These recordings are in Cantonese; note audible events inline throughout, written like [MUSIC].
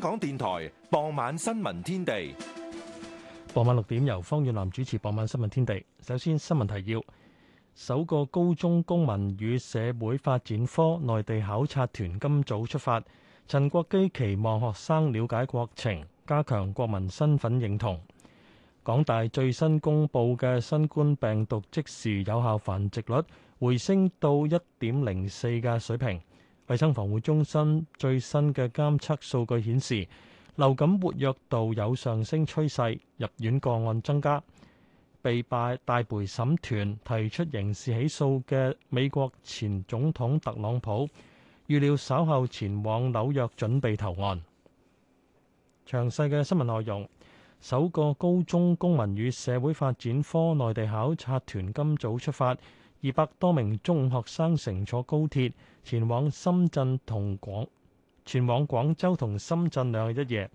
香港電台傍晚新聞天地，傍晚六點由方遠南主持。傍晚新聞天地，首先新聞提要：首個高中公民與社會發展科內地考察團今早出發。陳國基期望學生了解國情，加強國民身份認同。港大最新公布嘅新冠病毒即時有效繁殖率回升到一點零四嘅水平。衞生防護中心最新嘅監測數據顯示，流感活躍度有上升趨勢，入院個案增加。被拜大陪審團提出刑事起訴嘅美國前總統特朗普，預料稍後前往紐約準備投案。詳細嘅新聞內容，首個高中公民與社會發展科內地考察團今早出發。二百多名中學生乘坐高鐵前往深圳同廣前往廣州同深圳兩日一夜，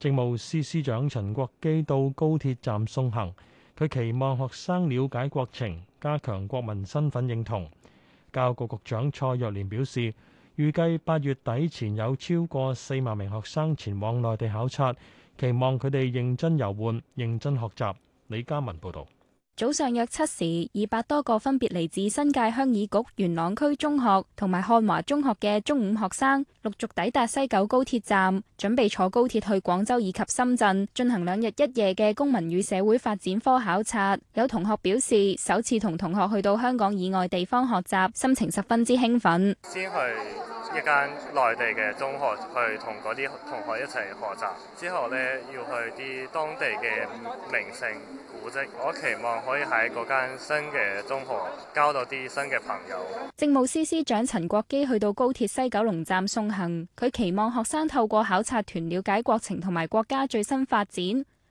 政務司司長陳國基到高鐵站送行，佢期望學生了解國情，加強國民身份認同。教育局局長蔡若蓮表示，預計八月底前有超過四萬名學生前往內地考察，期望佢哋認真遊玩、認真學習，李嘉文報道。早上約七時，二百多個分別嚟自新界鄉議局、元朗區中學同埋漢華中學嘅中五學生，陸續抵達西九高鐵站，準備坐高鐵去廣州以及深圳進行兩日一夜嘅公民與社會發展科考察。有同學表示，首次同同學去到香港以外地方學習，心情十分之興奮。先去一間內地嘅中學去同嗰啲同學一齊學習，之後呢要去啲當地嘅名勝古迹。我期望，可以喺嗰間新嘅中學交到啲新嘅朋友。政務司司長陳國基去到高鐵西九龍站送行，佢期望學生透過考察團了解國情同埋國家最新發展，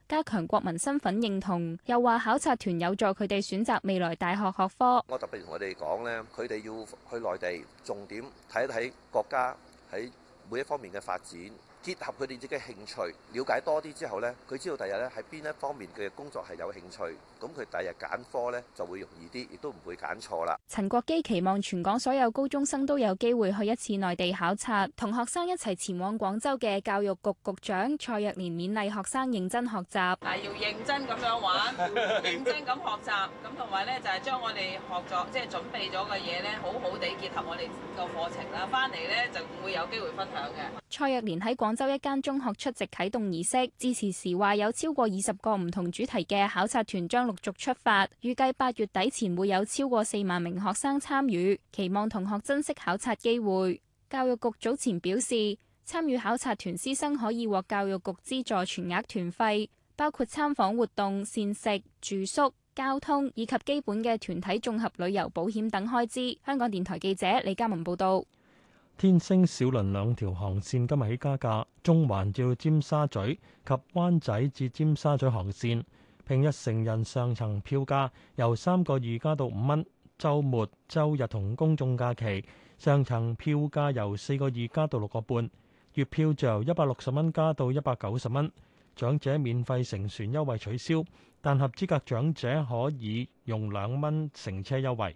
加強國民身份認同。又話考察團有助佢哋選擇未來大學學科。我特別同我哋講咧，佢哋要去內地重點睇一睇國家喺每一方面嘅發展，結合佢哋自己嘅興趣，瞭解多啲之後咧，佢知道第日咧喺邊一方面佢嘅工作係有興趣。咁佢第日揀科呢就會容易啲，亦都唔會揀錯啦。陳國基期望全港所有高中生都有機會去一次內地考察，同學生一齊前往廣州嘅教育局局長蔡若蓮勉勵學生認真學習。係要認真咁樣玩， [LAUGHS] 認真咁學習，咁同埋呢，就係將我哋學作即係準備咗嘅嘢呢，好好地結合我哋個課程啦，翻嚟呢，就會有機會分享嘅。蔡若蓮喺廣州一間中學出席啟動儀式，致辭時話有超過二十個唔同主題嘅考察團將陸續出發，預計八月底前會有超過四萬名學生參與，期望同學珍惜考察機會。教育局早前表示，參與考察團師生可以獲教育局資助全額團費，包括參訪活動、膳食、住宿、交通以及基本嘅團體綜合旅遊保險等開支。香港電台記者李嘉文報道。天星小輪兩條航線今日起加價，中環至尖沙咀及灣仔至尖沙咀航線。平日成人上層票價由三個二加到五蚊，週末、週日同公眾假期上層票價由四個二加到六個半，月票就由一百六十蚊加到一百九十蚊。長者免費乘船優惠取消，但合資格長者可以用兩蚊乘車優惠。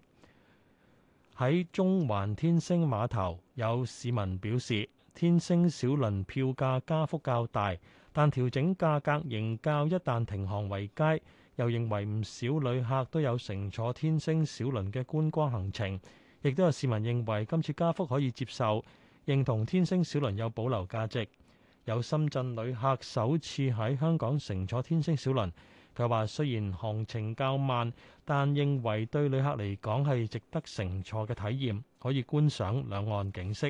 喺中環天星碼頭，有市民表示，天星小輪票價加幅較大。但調整價格仍較一旦停航為佳。又認為唔少旅客都有乘坐天星小輪嘅觀光行程，亦都有市民認為今次加幅可以接受，認同天星小輪有保留價值。有深圳旅客首次喺香港乘坐天星小輪，佢話雖然行程較慢，但認為對旅客嚟講係值得乘坐嘅體驗，可以觀賞兩岸景色。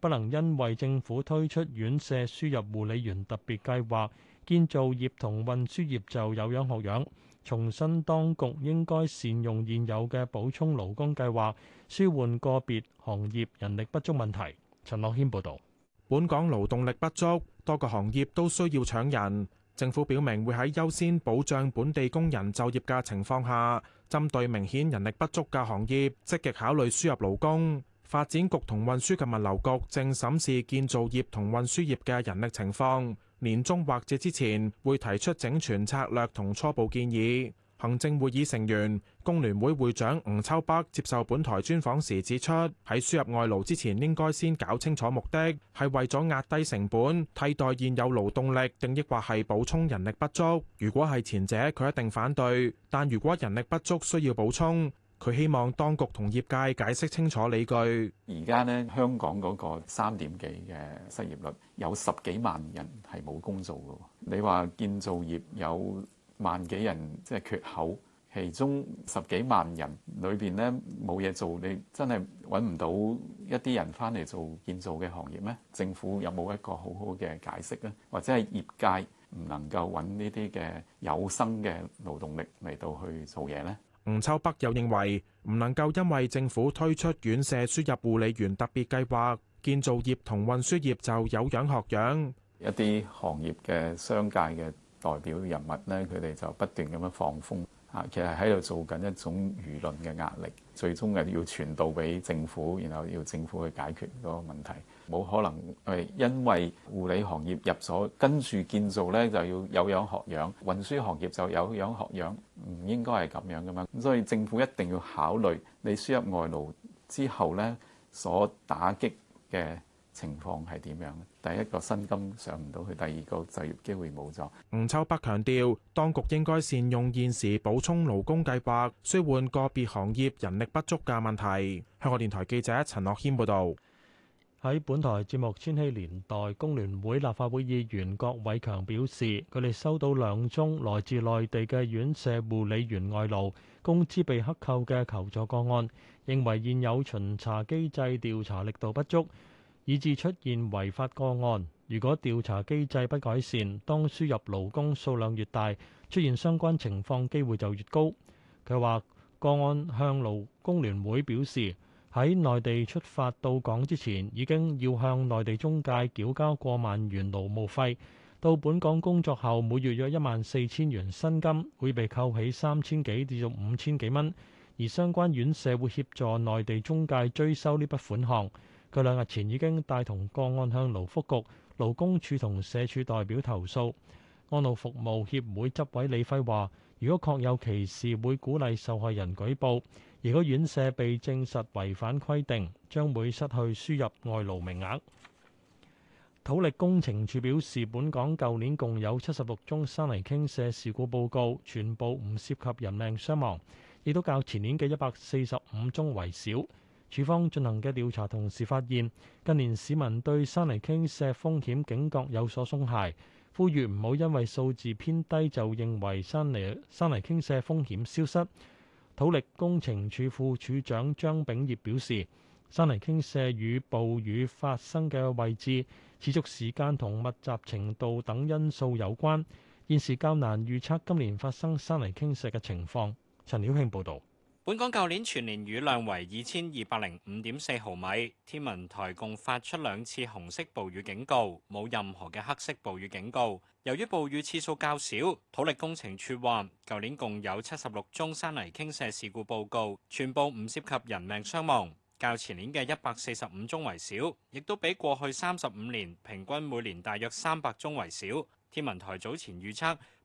不能因為政府推出院舍輸入護理員特別計劃，建造業同運輸業就有樣學樣。重申，當局應該善用現有嘅補充勞工計劃，舒緩個別行業人力不足問題。陳樂軒報導，本港勞動力不足，多個行業都需要搶人。政府表明會喺優先保障本地工人就業嘅情況下，針對明顯人力不足嘅行業，積極考慮輸入勞工。發展局同運輸及物流局正審視建造業同運輸業嘅人力情況，年終或者之前會提出整全策略同初步建議。行政會議成員、工聯會會長吳秋北接受本台專訪時指出，喺輸入外勞之前，應該先搞清楚目的，係為咗壓低成本，替代現有勞動力，定抑或係補充人力不足？如果係前者，佢一定反對；但如果人力不足，需要補充。佢希望當局同業界解釋清楚理據。而家咧，香港嗰個三點幾嘅失業率，有十幾萬人係冇工做嘅。你話建造業有萬幾人即係、就是、缺口，其中十幾萬人裏邊咧冇嘢做，你真係揾唔到一啲人翻嚟做建造嘅行業咩？政府有冇一個好好嘅解釋咧？或者係業界唔能夠揾呢啲嘅有生嘅勞動力嚟到去做嘢咧？吳秋北又認為，唔能夠因為政府推出院舍輸入護理員特別計劃，建造業同運輸業就有樣學樣。一啲行業嘅商界嘅代表人物咧，佢哋就不斷咁樣放風，啊，其實喺度做緊一種輿論嘅壓力，最終係要傳導俾政府，然後要政府去解決嗰個問題。冇可能係因為護理行業入所，跟住建造咧，就要有樣學樣，運輸行業就有樣學樣，唔應該，係咁樣噶嘛。所以政府一定要考慮你輸入外勞之後咧，所打擊嘅情況係點樣。第一個薪金上唔到去，第二個就業機會冇咗。吳秋北強調，當局應該善用現時補充勞工計劃，舒緩個別行業人力不足嘅問題。香港電台記者陳樂謙報道。喺本台節目《千禧年代》，工聯會立法會議員郭偉強表示，佢哋收到兩宗來自內地嘅院舍護理員外勞工資被克扣嘅求助個案，認為現有巡查機制調查力度不足，以致出現違法個案。如果調查機制不改善，當輸入勞工數量越大，出現相關情況機會就越高。佢話個案向勞工聯會表示。喺內地出發到港之前，已經要向內地中介繳交過萬元勞務費。到本港工作後，每月約一萬四千元薪金會被扣起三千幾至到五千幾蚊。而相關院社會協助內地中介追收呢筆款項。佢兩日前已經帶同個案向勞福局、勞工處同社署代表投訴。安老服務協會執委李輝話。如果確有其事，會鼓勵受害人舉報；如果院舍被證實違反規定，將會失去輸入外勞名額。土力工程處表示，本港舊年共有七十六宗山泥傾瀉事故報告，全部唔涉及人命傷亡，亦都較前年嘅一百四十五宗為少。處方進行嘅調查同時發現，近年市民對山泥傾瀉風險警覺有所鬆懈。呼籲唔好因為數字偏低就認為山泥山泥傾瀉風險消失。土力工程處副處長張炳業表示，山泥傾瀉與暴雨發生嘅位置、持續時間同密集程度等因素有關，現時較難預測今年發生山泥傾瀉嘅情況，陳曉慶報道。本港舊年全年雨量為二千二百零五點四毫米，天文台共發出兩次紅色暴雨警告，冇任何嘅黑色暴雨警告。由於暴雨次數較少，土力工程處話，舊年共有七十六宗山泥傾瀉事故報告，全部唔涉及人命傷亡，較前年嘅一百四十五宗為少，亦都比過去三十五年平均每年大約三百宗為少。天文台早前預測。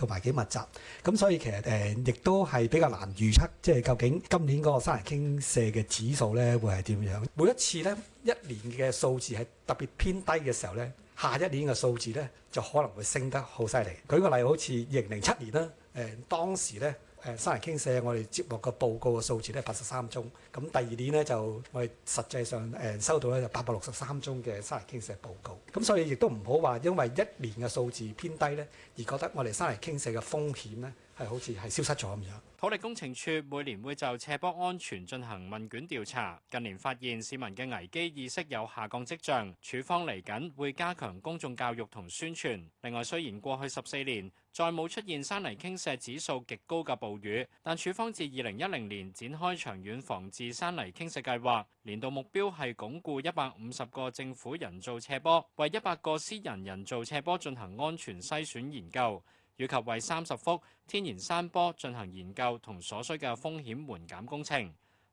同埋幾密集，咁所以其實誒、呃、亦都係比較難預測，即、就、係、是、究竟今年嗰個三人傾瀉嘅指數咧會係點樣？嗯、每一次咧一年嘅數字係特別偏低嘅時候咧，下一年嘅數字咧就可能會升得好犀利。舉個例，好似二零零七年啦，誒、呃、當時咧。誒、沙泥傾瀉，我哋接落個報告嘅數字呢，八十三宗。咁第二年呢，就我哋實際上誒、收到呢，就八百六十三宗嘅沙泥傾瀉報告。咁所以亦都唔好話因為一年嘅數字偏低呢，而覺得我哋沙泥傾瀉嘅風險呢，係好似係消失咗咁樣。土力工程處每年會就斜坡安全進行問卷調查，近年發現市民嘅危機意識有下降跡象。處方嚟緊會加強公眾教育同宣傳。另外，雖然過去十四年再冇出現山泥傾瀉指數極高嘅暴雨，但處方自二零一零年展開長遠防治山泥傾瀉計劃，年度目標係鞏固一百五十個政府人造斜坡，為一百個私人人造斜坡進行安全篩選研究。以及為三十幅天然山坡進行研究同所需嘅風險緩減工程。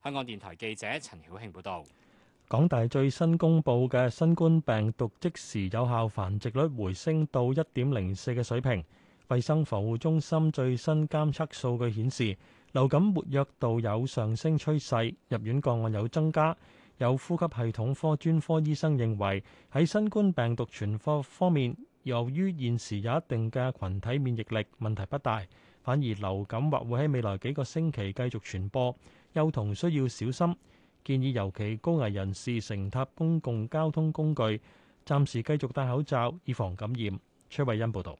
香港電台記者陳曉慶報導。港大最新公布嘅新冠病毒即時有效繁殖率回升到一點零四嘅水平。衞生防護中心最新監測數據顯示，流感活躍度有上升趨勢，入院個案有增加。有呼吸系統科專科醫生認為，喺新冠病毒傳播方面，由於現時有一定嘅羣體免疫力，問題不大，反而流感或會喺未來幾個星期繼續傳播。幼童需要小心，建議尤其高危人士乘搭公共交通工具，暫時繼續戴口罩以防感染。崔慧欣報導。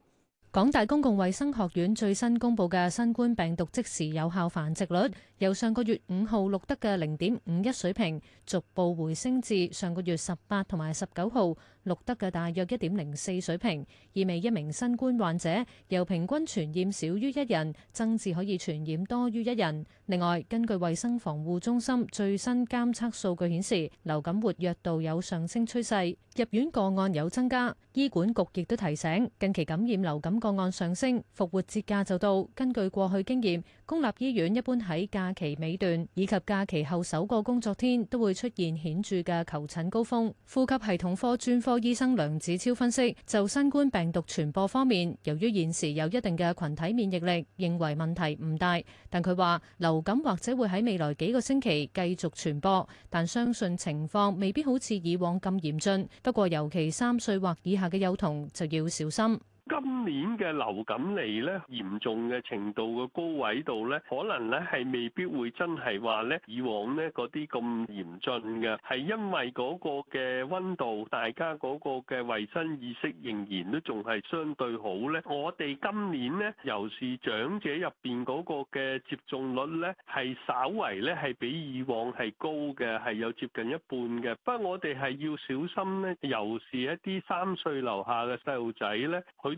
港大公共衛生學院最新公布嘅新冠病毒即時有效繁殖率，由上個月五號錄得嘅零點五一水平，逐步回升至上個月十八同埋十九號，錄得嘅大約一點零四水平，意味一名新冠患者由平均傳染少於一人，增至可以傳染多於一人。另外，根據衛生防護中心最新監測數據顯示，流感活躍度有上升趨勢，入院個案有增加。醫管局亦都提醒，近期感染流感個案上升，復活節假就到。根據過去經驗，公立醫院一般喺假期尾段以及假期後首個工作天都會出現顯著嘅求診高峰，呼吸系統科專科。醫生梁子超分析，就新冠病毒傳播方面，由於現時有一定嘅群體免疫力，認為問題唔大。但佢話，流感或者會喺未來幾個星期繼續傳播，但相信情況未必好似以往咁嚴峻。不過，尤其三歲或以下嘅幼童就要小心。今年嘅流感嚟咧，嚴重嘅程度嘅高位度咧，可能咧係未必會真係話咧，以往咧嗰啲咁嚴峻嘅，係因為嗰個嘅温度，大家嗰個嘅衞生意識仍然都仲係相對好咧。我哋今年咧，尤其是長者入邊嗰個嘅接種率咧，係稍為咧係比以往係高嘅，係有接近一半嘅。不過我哋係要小心咧，尤其是一啲三歲樓下嘅細路仔咧，佢。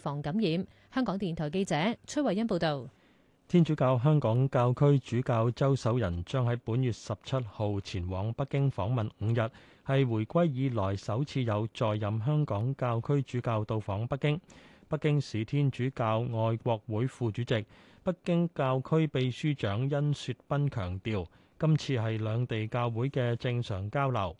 防感染。香港電台記者崔慧欣報道，天主教香港教區主教周守仁將喺本月十七號前往北京訪問五日，係回歸以來首次有在任香港教區主教到訪北京。北京市天主教愛國會副主席、北京教區秘書長殷雪斌強調，今次係兩地教會嘅正常交流。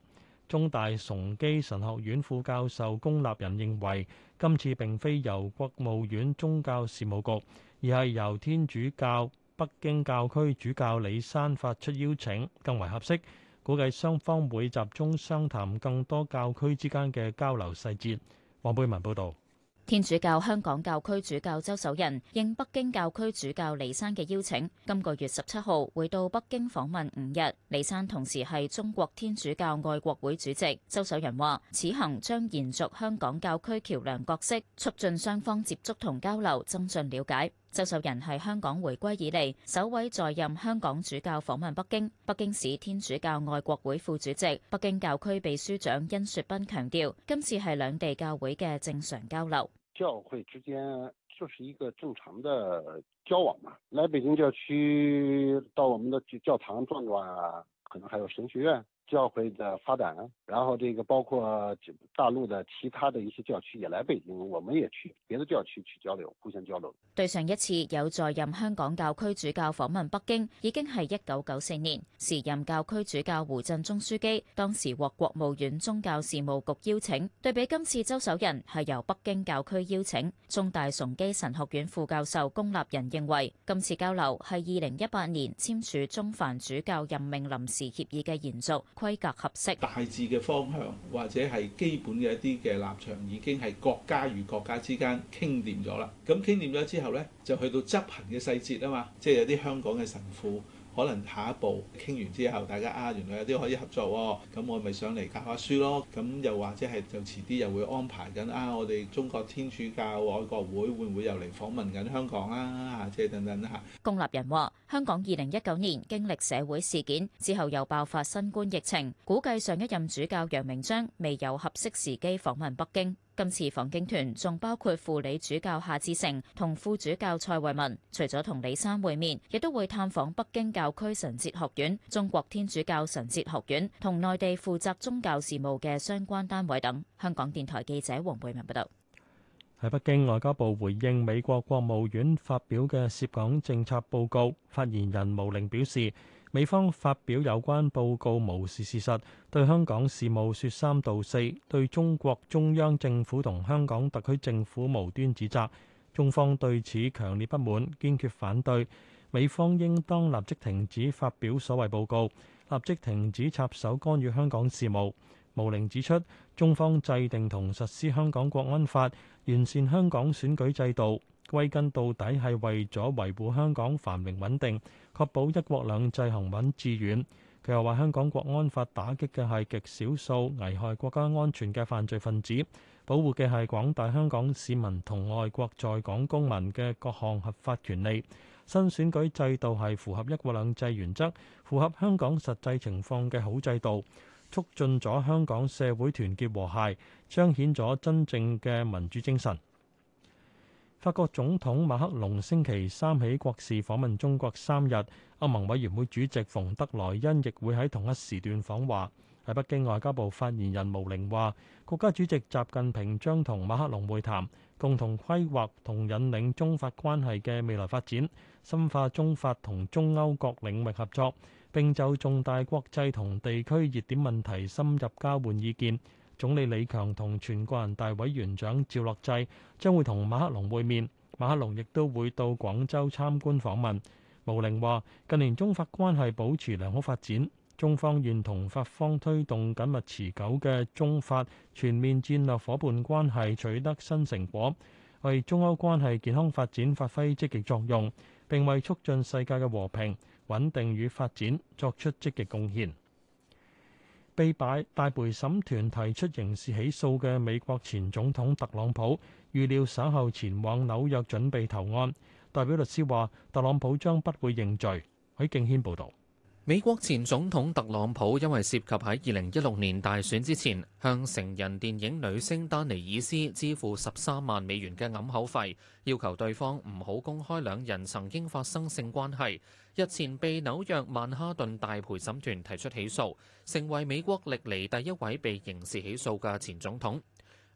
中大崇基神學院副教授龔立人認為今次並非由國務院宗教事務局，而係由天主教北京教區主教李山發出邀請更為合適，估計雙方會集中商談更多教區之間嘅交流細節，黃貝文報道。天主教香港教區主教周守仁應北京教區主教李山嘅邀請，今個月十七號回到北京訪問五日。李山同時係中國天主教愛國會主席。周守仁話：此行將延續香港教區橋梁角色，促進雙方接觸同交流，增進了解。周守仁係香港回歸以嚟首位在任香港主教訪問北京。北京市天主教愛國會副主席、北京教區秘書長殷雪斌強調，今次係兩地教會嘅正常交流。教會之間就是一個正常的交往嘛，來北京教區到我們的教教堂轉轉。可能還有神學院教會的發展，啊、然後這個包括大陸的其他的一些教區也來北京，我們也去別的教區去交流，互相交流。對上一次有在任香港教區主教訪問北京，已經係一九九四年，時任教區主教胡振中樞機當時獲國務院宗教事務局邀請。對比今次周守仁係由北京教區邀請，中大崇基神學院副教授龔立人認為今次交流係二零一八年簽署中梵主教任命臨時協議嘅延續，規格合適。大致嘅方向或者係基本嘅一啲嘅立場已經係國家與國家之間傾掂咗啦。咁傾掂咗之後呢，就去到執行嘅細節啊嘛。即係有啲香港嘅神父可能下一步傾完之後，大家啊，原來有啲可以合作喎。咁我咪上嚟教下書咯。咁又或者係就遲啲又會安排緊啊，我哋中國天主教愛國會會唔會又嚟訪問緊香港啊？啊，即係等等啊。公立人香港二零一九年經歷社會事件之後又爆發新冠疫情，估計上一任主教楊鳴章未有合適時機訪問北京。今次訪京團仲包括輔理主教夏志誠同副主教蔡慧文，除咗同李山會面，亦都會探訪北京教區神哲學院、中國天主教神哲學院同內地負責宗教事務嘅相關單位等。香港電台記者黃慧文報道。喺北京外交部回應美國國務院發表嘅涉港政策報告，發言人毛寧表示，美方發表有關報告無視事,事實，對香港事務說三道四，對中國中央政府同香港特區政府無端指責，中方對此強烈不滿，堅決反對，美方應當立即停止發表所謂報告，立即停止插手干預香港事務。吳凌指出，中方制定同實施香港國安法，完善香港選舉制度，歸根到底係為咗維護香港繁榮穩定，確保一國兩制行穩致遠。佢又話，香港國安法打擊嘅係極少數危害國家安全嘅犯罪分子，保護嘅係廣大香港市民同外國在港公民嘅各項合法權利。新選舉制度係符合一國兩制原則、符合香港實際情況嘅好制度。促進咗香港社會團結和諧，彰顯咗真正嘅民主精神。法國總統馬克龍星期三起國事訪問中國三日，歐盟委員會主席馮德萊恩亦會喺同一時段訪華。喺北京外交部發言人毛寧話：國家主席習近平將同馬克龍會談，共同規劃同引領中法關係嘅未來發展，深化中法同中歐各領域合作。並就重大國際同地區熱點問題深入交換意見。總理李強同全國人大委員長趙樂際將會同馬克龍會面，馬克龍亦都會到廣州參觀訪問。毛寧話：近年中法關係保持良好發展，中方願同法方推動緊密持久嘅中法全面戰略夥伴關係取得新成果，為中歐關係健康發展發揮積極作用，並為促進世界嘅和平、穩定與發展作出積極貢獻。被擺大陪審團提出刑事起訴嘅美國前總統特朗普，預料稍後前往紐約準備投案。代表律師話，特朗普將不會認罪。許敬軒報道。美國前總統特朗普因為涉及喺二零一六年大選之前向成人電影女星丹尼爾斯支付十三萬美元嘅揞口費，要求對方唔好公開兩人曾經發生性關係，日前被紐約曼哈頓大陪審團提出起訴，成為美國歷嚟第一位被刑事起訴嘅前總統。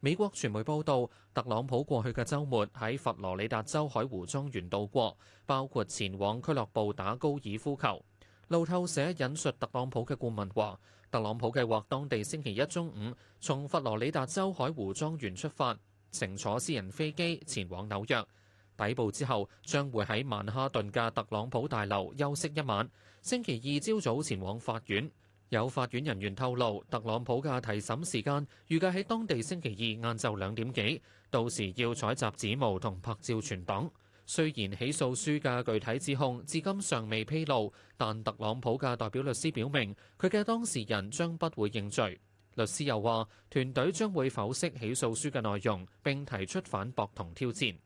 美國傳媒報道，特朗普過去嘅週末喺佛羅里達州海湖莊園度過，包括前往俱樂部打高爾夫球。路透社引述特朗普嘅顧問話，特朗普計劃當地星期一中午從佛羅里達州海湖莊園出發乘坐私人飛機前往紐約，抵埗之後將會喺曼哈頓嘅特朗普大樓休息一晚。星期二朝早前往法院。有法院人員透露，特朗普嘅提審時間預計喺當地星期二晏晝兩點幾，到時要採集指模同拍照存檔。雖然起訴書嘅具體指控至今尚未披露，但特朗普嘅代表律師表明，佢嘅當事人將不會認罪。律師又話，團隊將會剖析起訴書嘅內容並提出反駁同挑戰。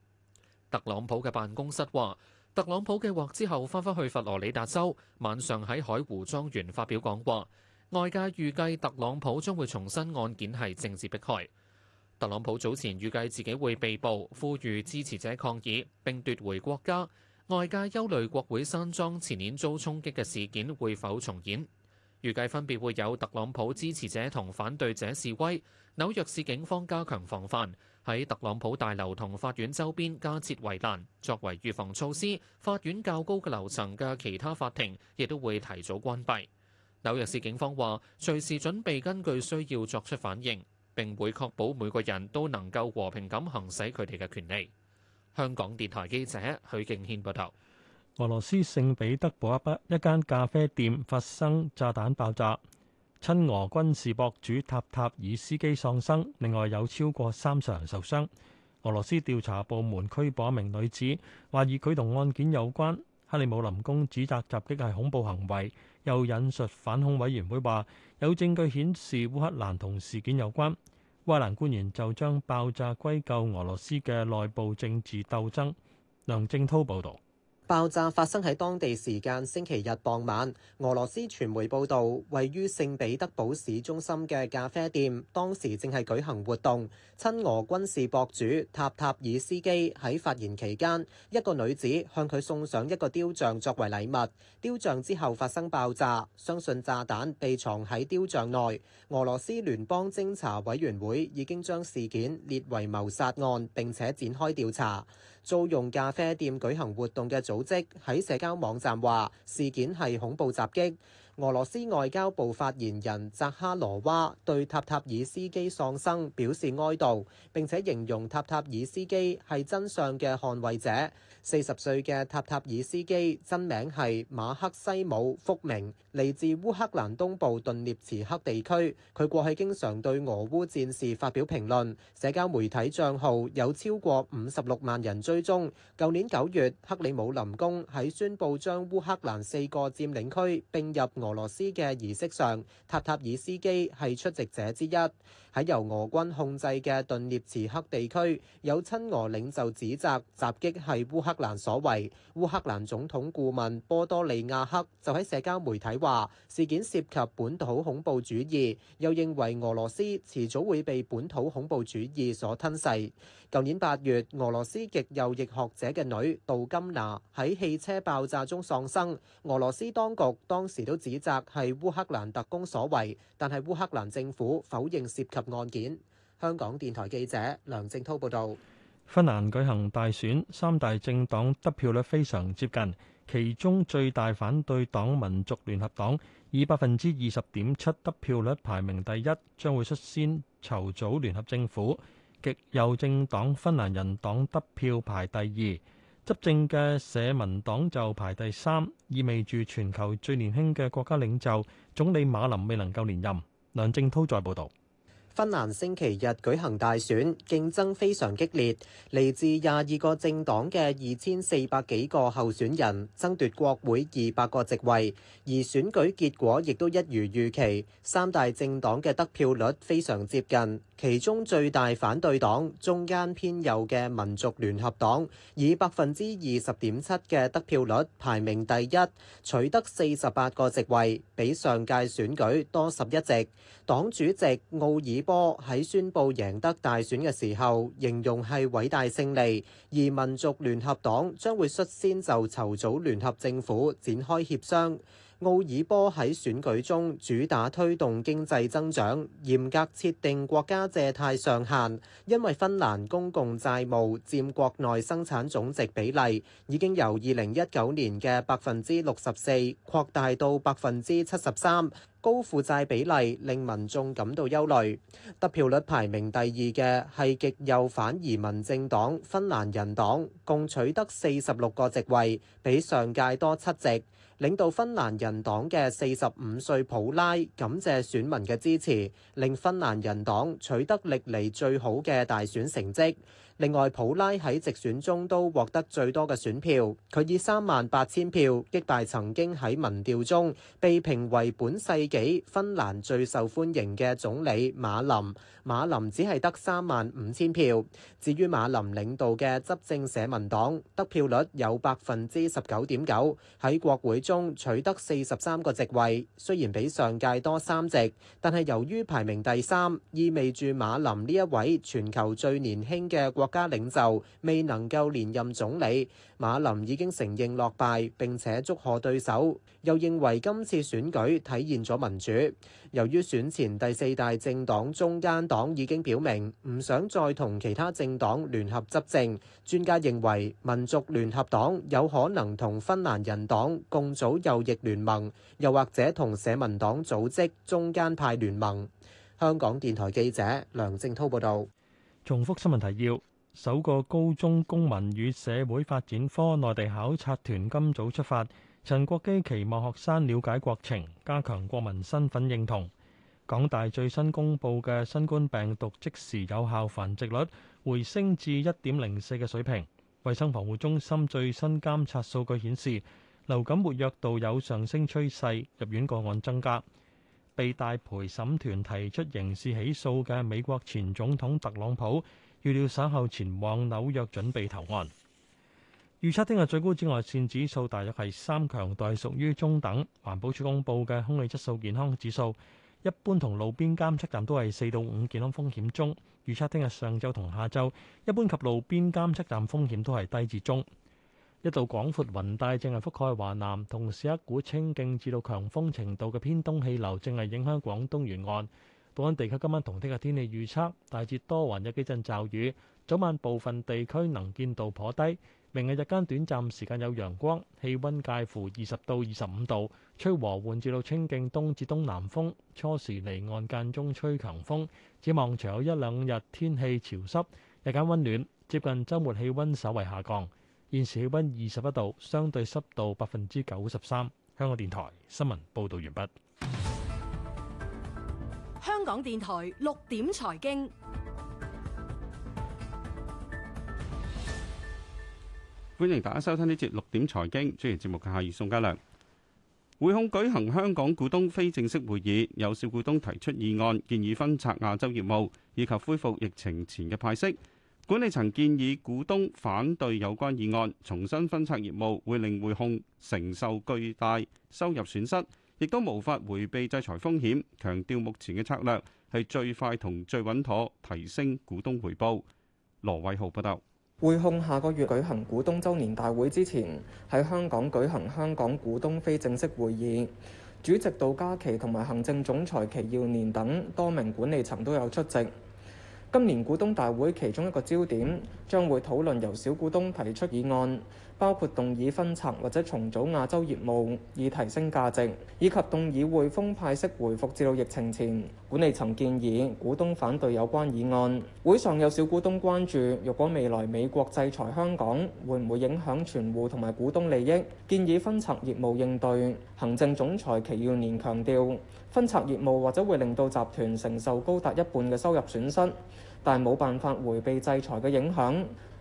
特朗普嘅辦公室話，特朗普計劃之後翻返去佛羅里達州，晚上喺海湖莊園發表講話。外界預計特朗普將會重申案件係政治迫害。特朗普早前預計自己會被捕，呼籲支持者抗議並奪回國家。外界憂慮國會山莊前年遭衝擊嘅事件會否重演。預計分別會有特朗普支持者同反對者示威。紐約市警方加強防範，喺特朗普大樓同法院周邊加設圍欄作為預防措施。法院較高嘅樓層嘅其他法庭亦都會提早關閉。紐約市警方話隨時準備根據需要作出反應。並會確保每個人都能夠和平咁行使佢哋嘅權利。香港電台記者許敬軒報道。俄羅斯聖彼得堡一間咖啡店發生炸彈爆炸，親俄軍事博主塔塔爾斯基喪生，另外有超過三十人受傷。俄羅斯調查部門拘捕一名女子，懷疑佢同案件有關。克里姆林宮指責襲擊係恐怖行為。又引述反恐委員會話，有證據顯示烏克蘭同事件有關。烏克蘭官員就將爆炸歸咎俄羅斯嘅內部政治鬥爭，梁正濤報道。爆炸發生喺當地時間星期日傍晚。俄羅斯傳媒報導，位於聖彼得堡市中心嘅咖啡店當時正係舉行活動。親俄軍事博主塔塔爾斯基喺發言期間，一個女子向佢送上一個雕像作為禮物。雕像之後發生爆炸，相信炸彈被藏喺雕像內。俄羅斯聯邦偵查委員會已經將事件列為謀殺案，並且展開調查。租用咖啡店舉行活動嘅組織喺社交網站話，事件係恐怖襲擊。俄羅斯外交部發言人扎哈羅娃對塔塔爾斯基喪生表示哀悼，並且形容塔塔爾斯基係真相嘅捍衛者。四十歲嘅塔塔爾斯基真名係馬克西姆·福明。嚟自烏克蘭東部頓涅茨克地區，佢過去經常對俄烏戰事發表評論，社交媒體帳號有超過五十六萬人追蹤。舊年九月，克里姆林宮喺宣布將烏克蘭四個佔領區並入俄羅斯嘅儀式上，塔塔爾斯基係出席者之一。喺由俄軍控制嘅頓涅茨克地區，有親俄領袖指責襲擊係烏克蘭所為。烏克蘭總統顧問波多利亞克就喺社交媒體話，事件涉及本土恐怖主義，又認為俄羅斯遲早會被本土恐怖主義所吞噬。舊年八月，俄羅斯極右翼學者嘅女杜金娜喺汽車爆炸中喪生，俄羅斯當局當時都指責係烏克蘭特工所為，但係烏克蘭政府否認涉及案件。香港電台記者梁正滔報導。芬蘭舉行大選，三大政黨得票率非常接近，其中最大反對黨民族聯合黨以百分之二十點七得票率排名第一，將會率先籌組聯合政府。極右政黨芬蘭人黨得票排第二，執政嘅社民黨就排第三，意味住全球最年輕嘅國家領袖，總理馬林未能夠連任。梁正濤再報道。芬蘭星期日舉行大選，競爭非常激烈，嚟自廿二個政黨嘅二千四百幾個候選人爭奪國會二百個席位，而選舉結果亦都一如預期，三大政黨嘅得票率非常接近。其中最大反對黨中間偏右嘅民族聯合黨以百分之二十點七嘅得票率排名第一，取得四十八個席位，比上屆選舉多十一席。黨主席奧爾波喺宣布贏得大選嘅時候，形容係偉大勝利，而民族聯合黨將會率先就籌組聯合政府展開協商。奧爾波喺選舉中主打推動經濟增長，嚴格設定國家借貸上限，因為芬蘭公共債務佔國內生產總值比例已經由二零一九年嘅百分之六十四擴大到百分之七十三，高負債比例令民眾感到憂慮。得票率排名第二嘅係極右反移民政黨芬蘭人黨，共取得四十六個席位，比上屆多七席。領導芬蘭人黨嘅四十五歲普拉感謝選民嘅支持，令芬蘭人黨取得歷嚟最好嘅大選成績。另外，普拉喺直選中都獲得最多嘅選票，佢以三萬八千票擊敗曾經喺民調中被評為本世紀芬蘭最受歡迎嘅總理馬林。馬林只係得三萬五千票。至於馬林領導嘅執政社民黨得票率有百分之十九點九，喺國會中取得四十三個席位，雖然比上屆多三席，但係由於排名第三，意味住馬林呢一位全球最年輕嘅國。國家領袖未能夠連任總理，馬林已經承認落敗，並且祝賀對手。又認為今次選舉體現咗民主。由於選前第四大政黨中間黨已經表明唔想再同其他政黨聯合執政，專家認為民族聯合黨有可能同芬蘭人黨共組右翼聯盟，又或者同社民黨組織中間派聯盟。香港電台記者梁正滔報道。重複新聞提要。首個高中公民與社會發展科內地考察團今早出發。陳國基期望學生了解國情，加強國民身份認同。港大最新公布嘅新冠病毒即時有效繁殖率回升至一點零四嘅水平。衛生防護中心最新監察數據顯示，流感活躍度有上升趨勢，入院個案增加。被大陪審團提出刑事起訴嘅美國前總統特朗普。預料稍後前往紐約，準備投案。預測聽日最高紫外線指數大約係三，強度屬於中等。環保署公布嘅空氣質素健康指數，一般同路邊監測站都係四到五，健康風險中。預測聽日上晝同下晝，一般及路邊監測站風險都係低至中。一道廣闊雲帶正係覆蓋華南，同時一股清勁至到強風程度嘅偏東氣流正係影響廣東沿岸。本港地區今晚同聽日天氣預測，大致多雲，有幾陣驟雨。早晚部分地區能見度頗低。明日日間短暫時間有陽光，氣溫介乎二十到二十五度，吹和緩至到清勁東至東南風，初時離岸間中吹強風，展望長有一兩日天氣潮濕，日間溫暖，接近週末氣溫稍為下降。現時氣溫二十一度，相對濕度百分之九十三。香港電台新聞報道完畢。香港電台六點財經，歡迎大家收聽呢節六點財經。主持節目嘅係宋嘉良。匯控舉行香港股東非正式會議，有小股東提出議案，建議分拆亞洲業務以及恢復疫情前嘅派息。管理層建議股東反對有關議案，重新分拆業務會令匯控承受巨大收入損失。亦都無法迴避制裁風險，強調目前嘅策略係最快同最穩妥，提升股東回報。羅偉浩報道，匯控下個月舉行股東周年大會之前，喺香港舉行香港股東非正式會議，主席杜嘉琪同埋行政總裁祁耀年等多名管理層都有出席。今年股東大會其中一個焦點將會討論由小股東提出議案，包括動議分拆或者重組亞洲業務以提升價值，以及動議匯豐派息回復至到疫情前。管理層建議，股東反對有關議案。會上有小股東關注，如果未來美國制裁香港，會唔會影響存戶同埋股東利益？建議分拆業務應對。行政總裁祁耀年強調，分拆業務或者會令到集團承受高達一半嘅收入損失，但冇辦法迴避制裁嘅影響。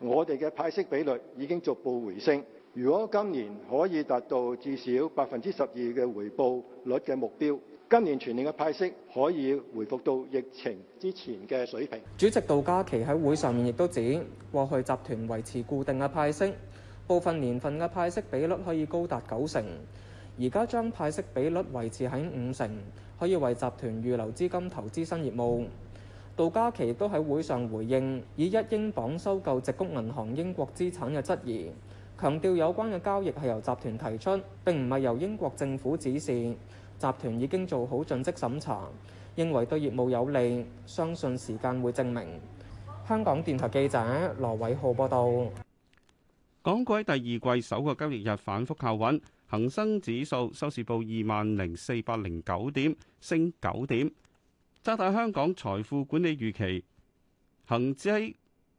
我哋嘅派息比率已經逐步回升，如果今年可以達到至少百分之十二嘅回報率嘅目標，今年全年嘅派息可以回復到疫情之前嘅水平。主席杜嘉琪喺會上面亦都指，過去集團維持固定嘅派息，部分年份嘅派息比率可以高達九成，而家將派息比率維持喺五成，可以為集團預留資金投資新業務。杜嘉琪都喺會上回應以一英鎊收購植谷銀行英國資產嘅質疑，強調有關嘅交易係由集團提出，並唔係由英國政府指示。集團已經做好盡職審查，認為對業務有利，相信時間會證明。香港電台記者羅偉浩報道。港股喺第二季首個交易日反覆靠穩，恆生指數收市報二萬零四百零九點，升九點。渣打香港財富管理預期，恒指喺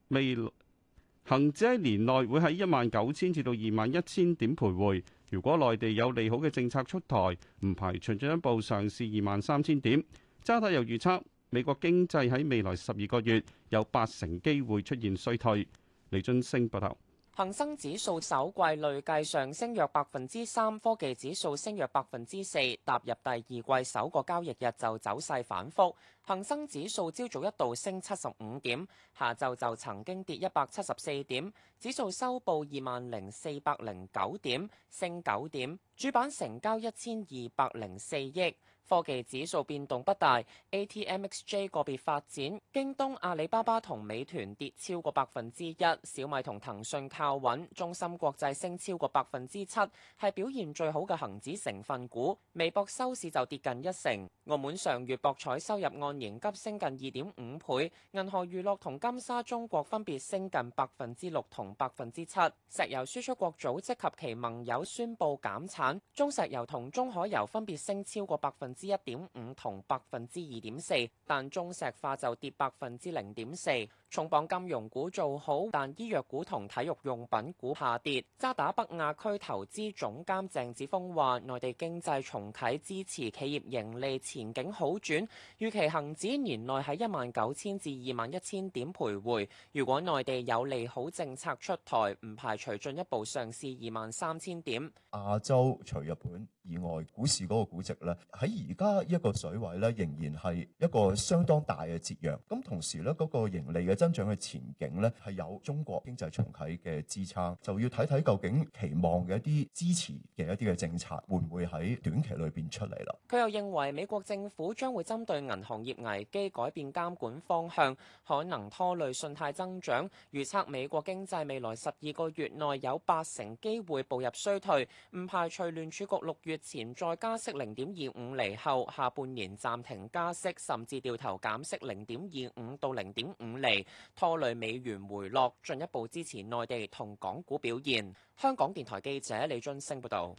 未恆指喺年內會喺一萬九千至到二萬一千點徘徊。如果內地有利好嘅政策出台，唔排除進一步上試二萬三千點。渣打又預測美國經濟喺未來十二個月有八成機會出現衰退。李俊升報道。恒生指數首季累計上升約百分之三，科技指數升約百分之四。踏入第二季首個交易日就走勢反覆，恒生指數朝早一度升七十五點，下晝就曾經跌一百七十四點，指數收報二萬零四百零九點，升九點，主板成交一千二百零四億。科技指數變動不大，ATMXJ 個別發展，京東、阿里巴巴同美團跌超過百分之一，小米同騰訊靠穩，中芯國際升超過百分之七，係表現最好嘅恒指成分股。微博收市就跌近一成。澳門上月博彩收入按年急升近二點五倍，銀河娛樂同金沙中國分別升近百分之六同百分之七。石油輸出國組織及其盟友宣布減產，中石油同中海油分別升超過百分之一點五同百分之二點四，但中石化就跌百分之零點四。重磅金融股做好，但醫藥股同體育用品股下跌。渣打北亞區投資總監鄭子峰話，內地經濟重啟支持企業盈利前景好轉，預期恒指年內喺一萬九千至二萬一千點徘徊。如果內地有利好政策出台，唔排除進一步上市二萬三千點。亞洲除日本以外，股市嗰個估值咧，喺而家一個水位咧，仍然係一個相當大嘅折讓，咁同時咧，嗰個盈利嘅。增長嘅前景呢，係有中國經濟重啟嘅支撐，就要睇睇究竟期望嘅一啲支持嘅一啲嘅政策會唔會喺短期裏邊出嚟啦。佢又認為美國政府將會針對銀行業危機改變監管方向，可能拖累信貸增長。預測美國經濟未來十二個月內有八成機會步入衰退，唔排除聯儲局六月前再加息零點二五厘後，下半年暫停加息，甚至掉頭減息零點二五到零點五厘。拖累美元回落，進一步支持內地同港股表現。香港電台記者李俊升報道，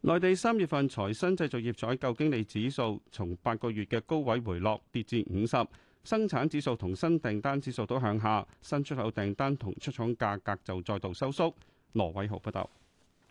內地三月份財新製造業採購經理指數從八個月嘅高位回落，跌至五十，生產指數同新訂單指數都向下，新出口訂單同出廠價格就再度收縮。羅偉豪報道。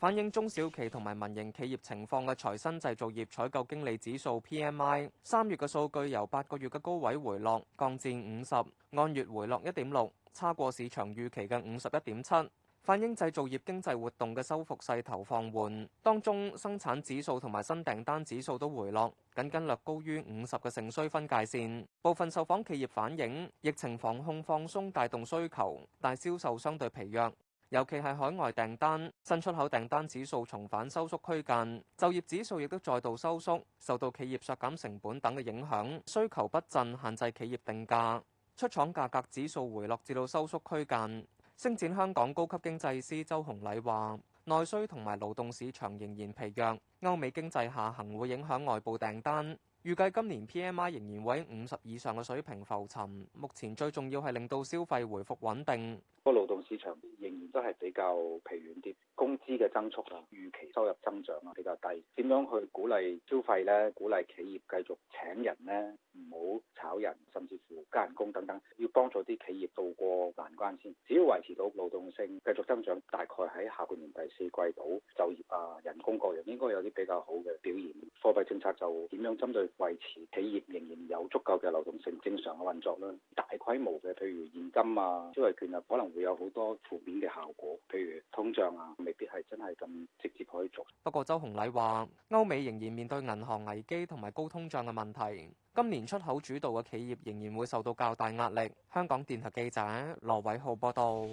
反映中小企同埋民營企業情況嘅財新製造業採購經理指數 PMI 三月嘅數據由八個月嘅高位回落，降至五十，按月回落一點六，差過市場預期嘅五十一點七，反映製造業經濟活動嘅收復勢頭放緩，當中生產指數同埋新訂單指數都回落，僅僅略高於五十嘅成衰分界線，部分受訪企業反映疫情防控放鬆帶動需求，但銷售相對疲弱。尤其係海外訂單，新出口訂單指數重返收縮區間，就業指數亦都再度收縮，受到企業削減成本等嘅影響，需求不振限制企業定價，出廠價格指數回落至到收縮區間。星展香港高級經濟師周紅禮話：內需同埋勞動市場仍然疲弱，歐美經濟下行會影響外部訂單。預計今年 PMI 仍然喺五十以上嘅水平浮沉。目前最重要係令到消費回復穩定。個勞動市場仍然都係比較疲軟啲，工資嘅增速啊、預期收入增長啊比較低。點樣去鼓勵消費呢？鼓勵企業繼續請人呢？唔好炒人，甚至乎加人工等等，要幫助啲企業渡過難關先。只要維持到勞動性繼續增長，大概喺下半年第四季度，就業啊、人工各樣應該有啲比較好嘅表現。貨幣政策就點樣針對？維持企業仍然有足夠嘅流動性，正常嘅運作咯。大規模嘅，譬如現金啊、消費券啊，可能會有好多負面嘅效果，譬如通脹啊，未必係真係咁直接可以做。不過，周洪禮話：歐美仍然面對銀行危機同埋高通脹嘅問題，今年出口主導嘅企業仍然會受到較大壓力。香港電台記者羅偉浩報道。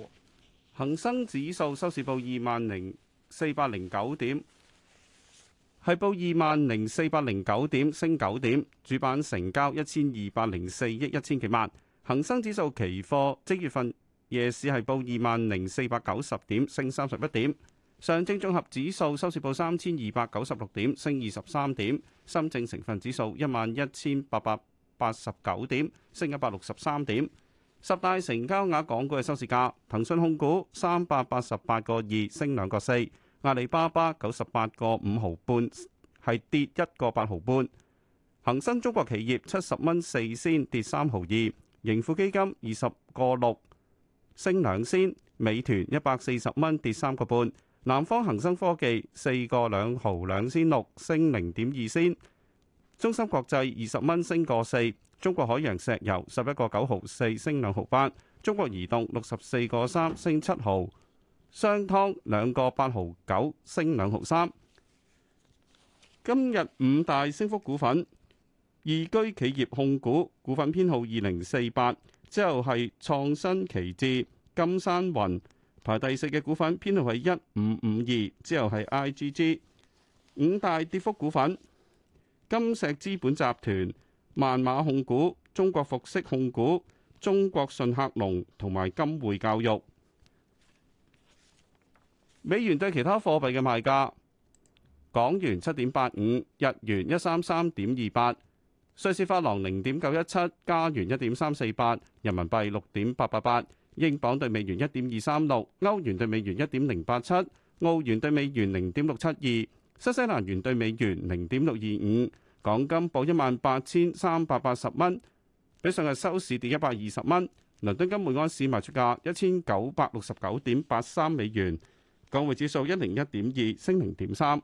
恒生指數收市報二萬零四百零九點。係報二萬零四百零九點，升九點，主板成交一千二百零四億一千幾萬。恒生指數期貨即月份夜市係報二萬零四百九十點，升三十一點。上證綜合指數收市報三千二百九十六點，升二十三點。深證成分指數一萬一千八百八十九點，升一百六十三點。十大成交額港股嘅收市價，騰訊控股三百八十八個二，升兩個四。阿里巴巴九十八個五毫半，係跌一個八毫半。恒生中國企業七十蚊四仙，跌三毫二。盈富基金二十個六，升兩仙。美團一百四十蚊，跌三個半。南方恒生科技四個兩毫兩仙六，升零點二仙。中芯國際二十蚊，升個四。中國海洋石油十一個九毫四，升兩毫八。中國移動六十四個三，升七毫。雙湯兩個八毫九升兩毫三。今日五大升幅股份，易居企業控股股份編號二零四八，之後係創新奇志、金山雲排第四嘅股份編號係一五五二，之後係 IGG。五大跌幅股份，金石資本集團、萬馬控股、中國服飾控股、中國順客龍同埋金匯教育。美元對其他貨幣嘅賣價：港元七點八五，日元一三三點二八，瑞士法郎零點九一七，加元一點三四八，人民幣六點八八八，英鎊對美元一點二三六，歐元對美元一點零八七，澳元對美元零點六七二，新西蘭元對美元零點六二五。港金報一萬八千三百八十蚊，比上日收市跌一百二十蚊。倫敦金每安士賣出價一千九百六十九點八三美元。港匯指數一零一點二，升零點三。